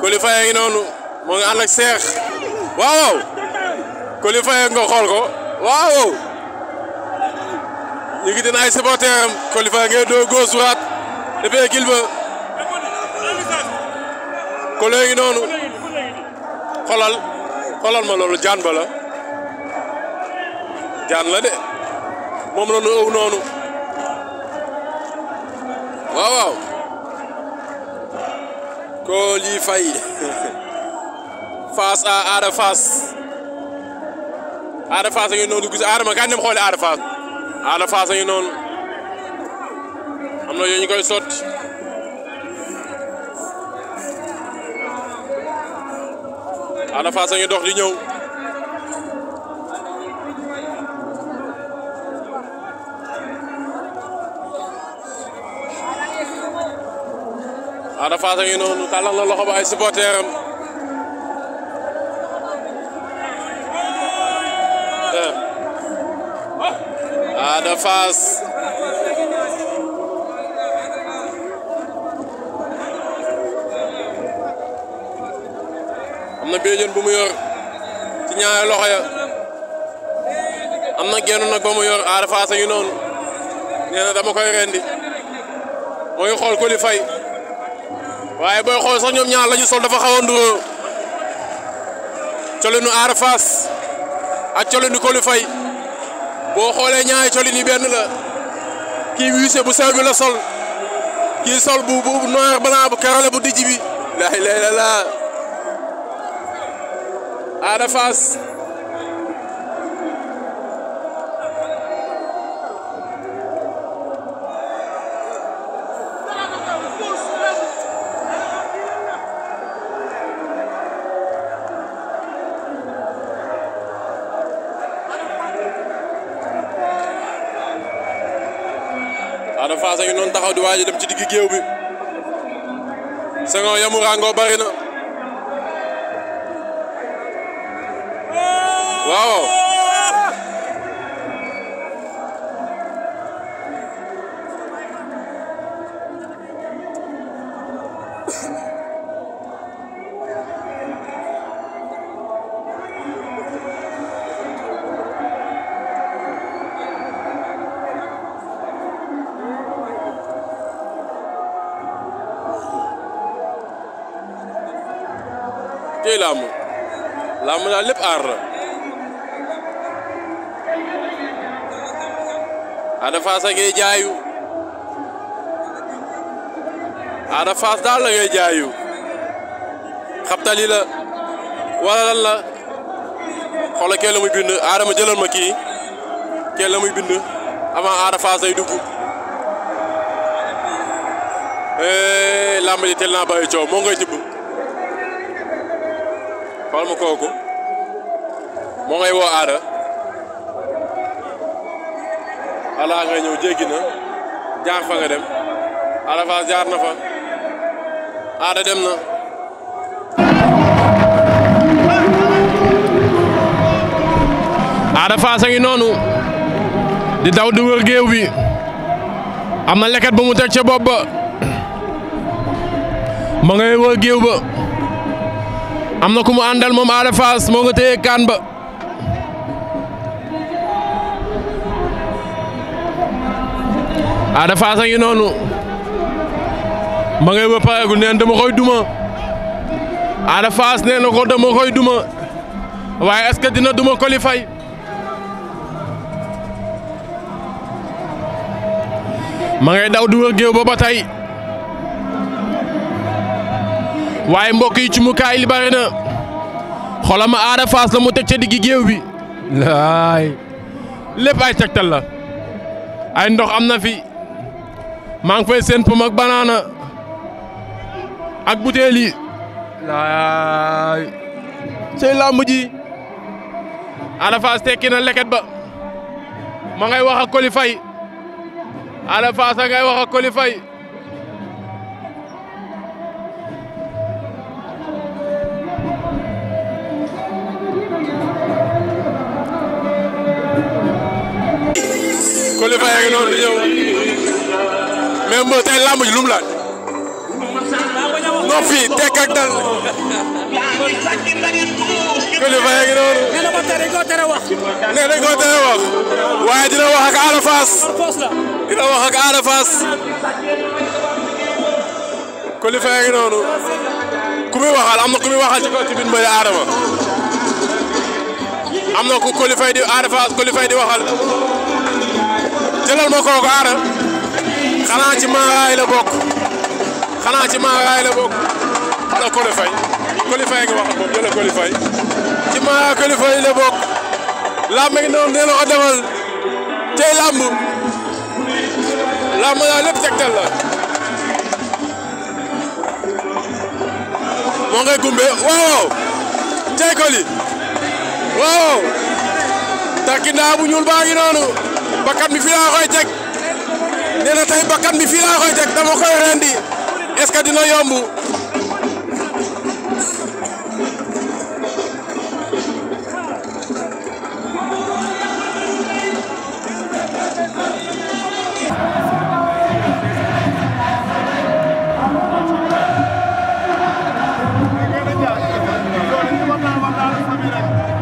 Coly Faye ngi noonu moo ngi ànd ak waaw Coly Faye nga xool ko waaw ñu ngi dina ay supporter am Coly Faye ngay doo góos waat ngi noonu xolal xolal ma loolu jaan ba jaan la de moom la nu noonu waaw waaw Coly Faye face à Ada Fass Ada Fass a ngi noonu gis kan dem xooli Ada Fass noonu am na yooyu koy sotti Ada Fass dox di ñëw Ada Fass a ngi noonu tàllal na loxo ba ay supporter am Ada Fass am na béjjën bu mu yor ci loxo ya am na genn nag ba mu yor noonu nee dama koy rendi mooy xool ku waaye booy xool sax ñoom ñaar lañu sol dafa xaw a nduróo colinu Ada Fass ak colinu Coly Faye boo xoolee ñaari colin yi benn la kii wiise bu sew bi la sol kii sol bu bu noir blanc bu karale bu dijj bi lay lay la Ada Fass Ada Fass a taxaw di waaj dem ci digg géew bi Senghor yamu rango bari na waaw cey làmb làmb daal lépp aar la Ada jaayu Ada daal la ngay jaayu xabtali la la xoola kee la muy bind Adama jëlal ma kii kee la muy bind avant Ada Fass ay dugg eh, làmb ji teel naa coow moo ngay tibb fal ma kooku moo ngay woo aada alaa ngay ñëw jéggi na jaar dem Ada Fass jaar na fa aada dem na Ada Fass a noonu di daw di wër géew bi am na leket bu mu teg ca bopp ba ma ngay wër géew ba am na ku mu àndal moom Ada Fass moo nga téye kaan ba Ada Fass a ngi noonu ma ngay ba neen dama koy duma Ada Fass nee na ko dama koy duma waaye est-ce que dina duma Coly Faye ma ngay daw di wër géew ba ba waaye mbokk yi cumukaay li bari na xolama Ada Fass la mu teg ca diggi géew bi laay lépp ay tegtal la ay ndox am na fi maa ngi fay seen pom ak banaana ak butéel yi laay sey làmb ji Ada Fass tekki na leket ba ma ngay wax ak Coly Faye Ada Fass a ngay wax ak Coly Faye Coly Faye a ngi noonu di ñëw mais mbër tey làmb ji lu mu laaj. non fii tekk a ngi noonu. nee na ko tey wax. waaye dina wax ak Ada dina wax ak Ada Fass. a ngi noonu. ku muy waxal am na ku muy ci kaw ci biir mbëri Adama. am na ku Coly di Ada Fass Coly di waxal. jëlal ma kooku aara xanaa ci maaraay la bokk xanaa ci maaraay la bokk na Coly Faye Coly Faye nga wax ak moom jëlal Coly ci maaraay Coly Faye la bokk làmb ngi noonu nee na ko demal tey làmb làmb yaa lépp la moo gumbe waaw tey Coly waaw takki ndaa bu ñuul baa ngi noonu bakkan bi fii laa koy teg nee na tey bakkan dama koy rendi est-ce que